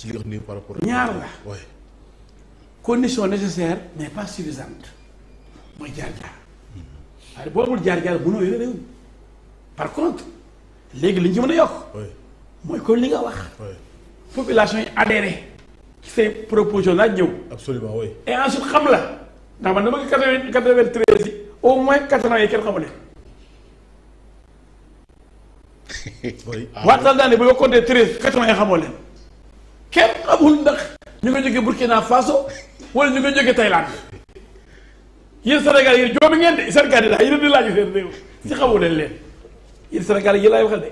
ci li nii ñaar la condition nécessaire mais pas suffisante mooy jaar-jaar waaye boo amul jaar-jaar mënoo yore réew par contre léegi li ñu ci a yokk mooy kon li nga wax population yi adhéré ci say proposition laaj ñëw absolument oui et ensuite xam la ndax man dama ko quatre-vingt-treize yi au moins quatre ans yi kenn xamu ne waaw daal daal ne bu ma compter treize quatre vingt et leen. kenn xamul ndax ñu nga jógee Burkina Faso wala ñu nga jógee Thaïlande yéen Sénégal yi joomi ngeen de Sénégal yi laa yéen di laaju seen réew si xamu leen yi laay waxal de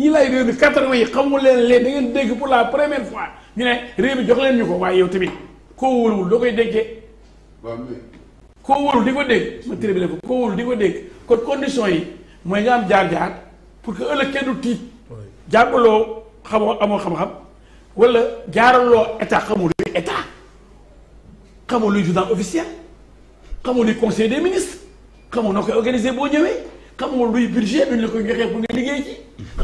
ñi laay réew ni quatre-vingt yi xamu leen leen da ngeen dégg pour la première fois ñu ne réew mi jox leen ñu ko waaye yow tamit koo wóoluwul doo koy déggee koo wóolu di ko dégg ma tribile ko koo wóolu di ko dégg kon condition yi mooy nga am jaar-jaar pour que ëllëg kenn du tiit jàngaloo xamoo amoo xam-xam wala jaaraloo état xamul luy état xamul luy journal officiel xamul luy conseil des ministres xamul na koy organisé boo ñëwee xamul luy budget duñ la koy joxee pour nga liggéey ci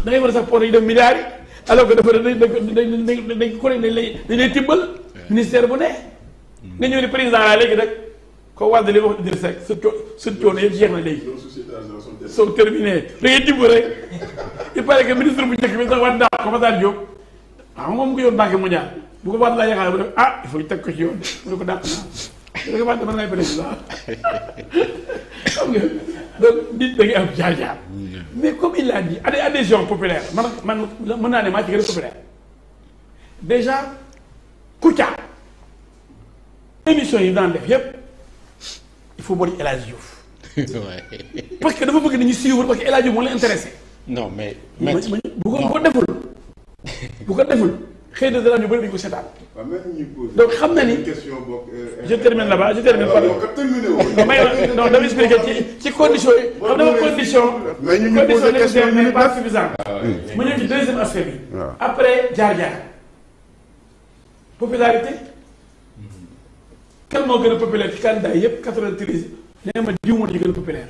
da ngay mën a sax pour yi def milliards yi alors que dafa da dañ ko dañ lay dañ lay tibbal ministère bu ne nga ñëw ne président laa léegi rek ko wàllu li wax Idrissa Seck sa co sa coono yëpp jeex na léegi soo terminé da ngay tibb rek il paraît que ministre bu njëkk bi sax war naa ko Matar waaw moom mu ko yoon banque mondiale bu ko waat laa yaakaar bu def ah il faut ñu teg ko ci yoon mu ne ko dàq naa da ko waat dama lay président xam nga donc nit da ngay am jaar-jaar mais comme il l'a dit adhé adhésion populaire man man mën naa ne maa ci gën a populaire déjà Kouthia émission yi daan def yépp il faut boole El Hadj Diouf parce que dafa bëgg nañu suivre parce que El Hadj Diouf moo la intéressé non mais bu ko deful bu ko deful xëy na dara ñu bëri dañ ko seetaan. donc xam na ni euh, euh, je termine là-bas je termine par ah, non mais euh, non dama ci ci condition yi xam nga condition. mais ñu ñu posé question bi n'est pas suffisante. Ah, mu ñëw deuxième aspect ah. après jaar-jaar. popularité. Mm-hmm. kan moo gën a populaire ci candidat yëpp 93. diw moo ci gën a populaire.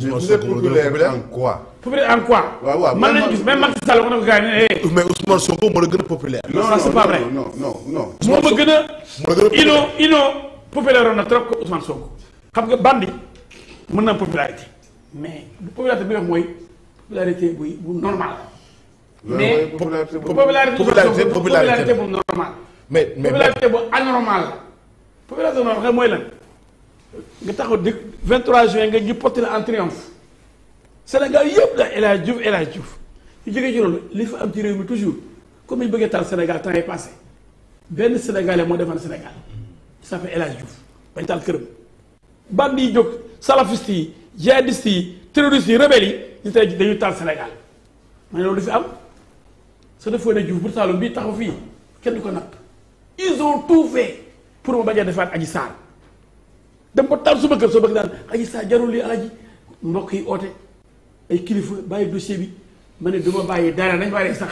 Ousmane Sonko moo gën a populaire en quoi. populaire en quoi. waaw waaw man lañu gis même Macky Sall ne eh. mais Ousmane Sonko moo la gën a non non c'est pas vrai non non non. moo ma gën a. moo gën a populaire na trop ko Ousmane Sonko. xam nga bandi mën na am popularité mais popularité bi nga mooy popularité buy bu normal. mais popularité popularité popularité bu normal. mais mais popularité bu anormal popularité normale mooy nga taxaw di 23 juin nga ji porté la en triomphe Sénégal yëpp la El Hadj Diouf El Hadj Diouf ñu jógee ci loolu li fa am ci réew mi toujours comme ni ñu bëggee taal Sénégal temps yi passé benn Sénégalais moo defar Sénégal ça fait El Hadj Diouf bañ taal këram. bandi yi jóg salafiste yi jihadiste yi terroriste yi rebelles yi ñu tey dañuy taal Sénégal man loolu du fi am su dee ne Diouf bu taalum bii taxaw fii kenn du ko napp ils ont tout fait pour ma bañ a defaat Adji Sarr. dem ba taal suma kër soo bëgg naan aji saa jarul lii alaji mbokk yi oote ay kilifa bàyyi dossier bi ma ne du ma bàyyi dara nañ waree sax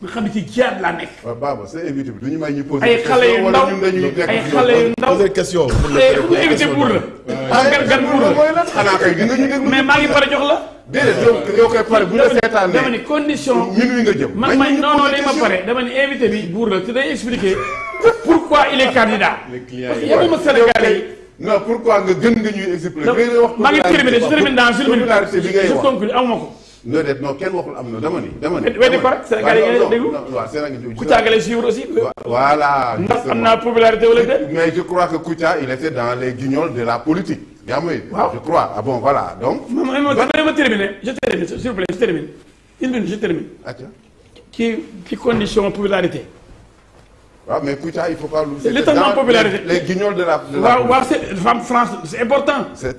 ma xam ci jiyaat laa nekk. waaw Baba sa invité bi du ñu may ñu poser ay xale yu ndaw ay xale yu ndaw eh, la. gan gan la ah, xanaa kay nga ñu mais maa ngi pare jox la. de yow yow koy pare bu la seetaanee dama ni condition. ñun wi nga jëm man man non day ma pare dama ni invité bi buur la te day expliquer. pourquoi il est candidat. pourquoi nga gën nga ñuy expliquer. dans une minute bi ngay wax conclu amu ma ko. non kenn waxul am na dama ni. dama ni weddi ko rek Sénégal yi ngeen déglu waaw Sénégal ku Kouthia nga lay suivre aussi. voilà popularité wala déet. mais je crois que il était dans les guignols de la politique. yaa je crois ah bon voilà donc. non non ma terminer termine je termine une condition popularité. waaw ah, mais pourtant il faut pas l'oublier. l'étonnement popularité les guignols de la. de la waaw waaw c'est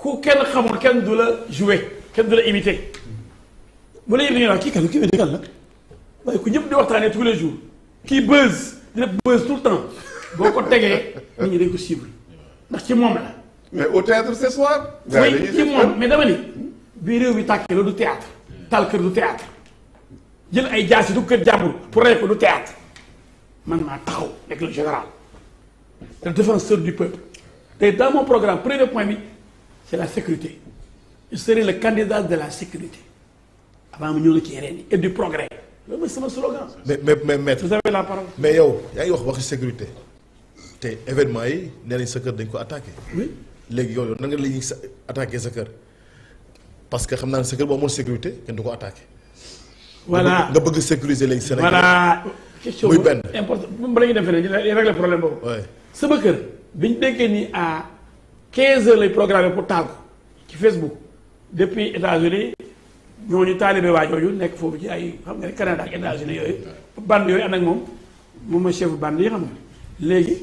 ku kenn xamul kenn du la jouer kenn du la imiter. bu la yëlee ñu naan kii kan kii bi kan la waaye ku ñëpp di tous les jours kii buzz di def buzz tout le temps boo ko tegee nit ñi dañ ko suivre ndax ci moom la. mais au théâtre ce soir. oui ci moom mais dama ni. réew mi tàkkee loolu du théâtre. tal kër du théâtre jël ay jaas yi du kër jàmbur pour rey ko du théâtre man maa taxaw nekk le général le défenseur du peuple te dans mon programme premier point bi c'est la sécurité je serai le candidat de la sécurité avant mu ñëw ci yeneen et du progrès loolu mooy sama slogan. mais mais mais maître vous avez la mais yow yaa ngi wax waxi sécurité te événement yi nee nañ sa kër dañ ko attaqué. oui léegi yow nan nga la ñuy attaqué sa kër parce que xam naa ne sa kër boo amoon sécurité kenn du ko attaqué. voilà nga bëgg sécuriser léegi Sénégal. question bu important bala ñuy dem feneen ñu régler problème boobu. sama kër bi ñu déggee nii a 15 heures lay programmé pour taal ko ci Facebook depuis États-Unis ñooñu taalibe waa jooju nekk foofu ci ay xam nga ne Canada ak États-Unis yooyu. band yooyu ànd ak moom moom mooy chef band yi xam nga léegi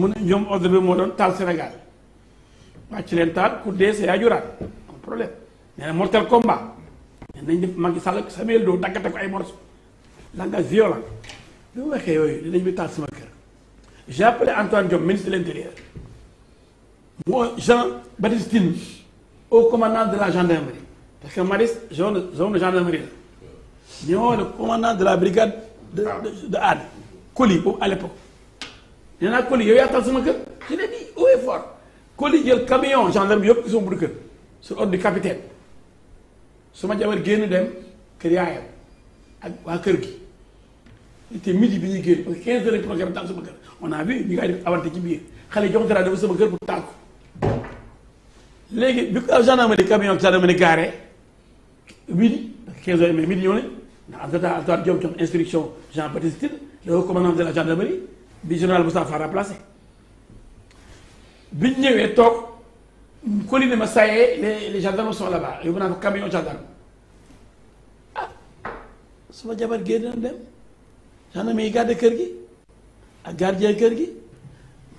mun ñoom ordre bi moo doon taal Sénégal wàcc leen taal ku dee sa yaa juraat am problème nee na mortel combat. nañ def Macky Sall Samuel Doe daggate ko ay morceaux. langage violent bi ma waxee yooyu dinañ mi taal sama kër j'ai appelé Antoine Diome ministre l'intérieur moi Jean Baptiste au commandant de la gendarmerie parce que Maris zone zone de gendarmerie la ñu woo commandant de la brigade de ah. de de Anne Coly boobu à l'époque nee naa Coly yow yaa taal sama kër je l'ai dit haut et fort jël camion gendarme yëpp ki sama kër sur ordre du capitaine su jabar génn dem kër yaayam ak waa kër gi te midi bi ñu génn parce que 15 heures taal sama on a vu ñu ngi def avanté ci biir xale jox dara dafa sama kër taal ko léegi bi ko gendarmerie camion ak gendarmerie midi 15 heures mais midi ñëw nañ ndax en tout cas Antoine Diop jox instruction Jean Baptiste Tine le haut de la gendarmerie bi général Moustapha remplacé biñ ñëwee toog Coly ne ma saa yee les les gendarmes sont là-bas yóbbu sama jabar génn na dem gendarme yi gardé kër gi ak gardien kër gi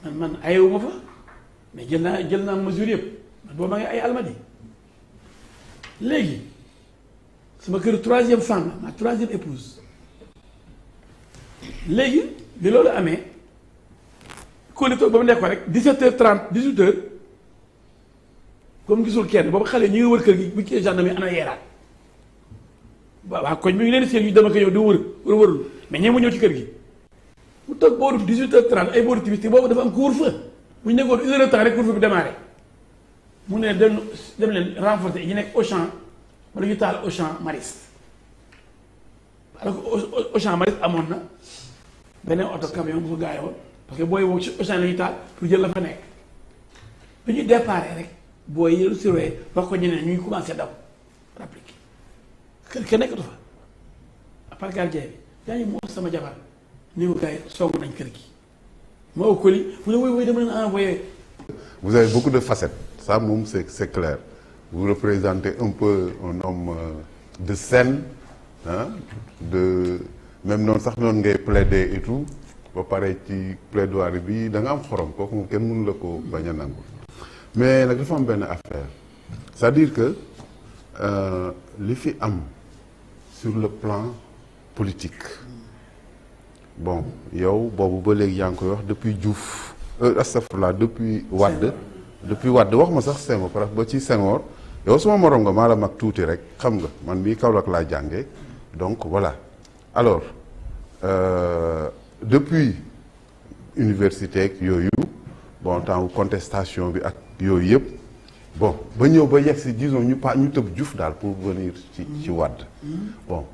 man man ayewuma fa mais jël naa jël naa mesure yëpp man boobu maa ngi ay almadi léegi sama kër troisième femme la ma troisième épouse léegi bi loolu amee kóoli toog ba mu nekk ko rek 17h30 18h comme gisul kenn boobu xale ñu ngi wër kër gi bu ñu kiiyee gendarme yi ana yeeraat. waa koñ bi ñu leen seen ñu dem ak yow di wër wër wërul mais ñee mu ñëw ci kër gi mu toog booru 18h30 ay booru timis boobu dafa am couvre-feu bu ñu nekkoon une heure de temps rek couvre-feu dem dem leen renforcer ñu nekk Auchan wala ñu taal Auchan Maris alors que amoon na beneen oto camion bu ko gaayoon parce booy woo ci Auchan la taal pour jël la fa nekk bi ñu déparé rek booy yëlu surveillé wax ko ñeneen ñuy commencé daw kër ka nekkatu fa à part gardien bi yaa ngi moo sama jabar néew gars yi song nañ kër gi moo ko lii mu ne woy woy dama leen un peu un homme euh, de scène sax noonu ngay plaider et tout ba pare ci plaidoirie nga am xorom kooku moom kenn mënu la ko bañ nangu mais nag dafa am benn affaire c'est-à-dire que euh, li fi am. sur le plan politique bon yow boobu ba léegi yaa ngi koy wax depuis Diouf euh, astafurlah depuis wadd depuis wadd wax ma sax Senghor parce ba ci Senghor yow suma morom nga maa la mag tuuti rek xam nga man mii Kaolack laa jànge donc voilà alors euh, depuis université yooyu bon temps contestation bi ak yooyu yëpp bon ba ñëw ba yegg si disons ñu pa ñu tëb Diouf daal pour venir ci mm-hmm. ci Wade mm-hmm. bon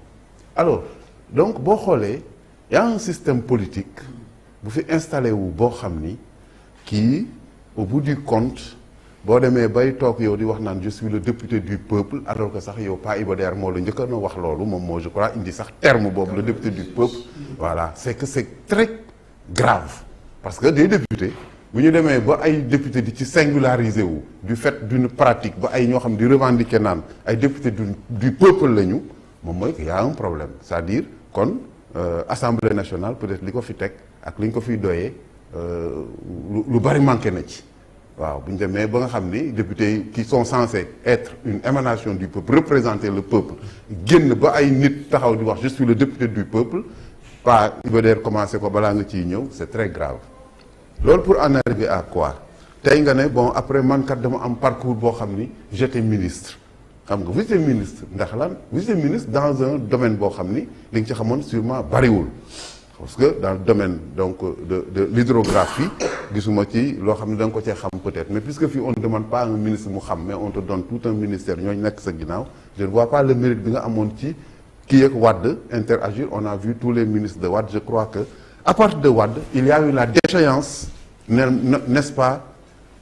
alors donc boo xoolee y a système politique bu fi installé wu boo xam ni kii au bout du compte boo demee bay toog yow di wax naan je suis le député du peuple alors que sax yow Pa Iba moo la njëkk a wax loolu moom moo je crois indi sax terme boobu la député du peuple mm-hmm. voilà c'est que c'est très grave parce que des députés bu ñu demee ba ay député di ci singulariser wu du fait d'une pratique ba ay ñoo xam di revendiquer naan ay député du du peuple lañu moom mooy que y problème c'est-à-dire kon euh, assemblée nationale peut-être li ko fi teg ak li ñu ko fiy doyee euh, lu bari manqué na ci. waaw bu ñu demee ba nga xam ni député yi qui sont censés être une émanation du peuple représenter le peuple génn ba ay nit taxaw di wax je suis le député du peuple pas Iba Der commencé ko balaa nga ciy ñëw c'est très grave. loolu pour en arriver à quoi tey nga ne bon après man kat dama am parcours boo xam ni j'étais ministre xam nga vice ministre ndax lan vice ministre dans un domaine boo xam ni li nga ci xamoon sûrement bariwul parce que dans le domaine donc de de l'hydrographie gisuma ci loo xam ne da nga ko cee xam peut-être mais puisque fii on ne demande pas un ministre mu xam mais on te donne tout un ministère ñooñu nekk sa ginnaaw je ne pas le mérite bi nga amoon ci kii ak Wade interagir on a vu tous les ministres de Wade je que à partir de Wade il y a ne ne ce pas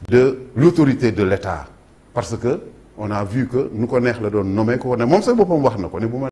de l'autorité de l'État parce que on a vu que nu ko neex la doon nommé ko ne moom sa boppam wax na ko ne bu ma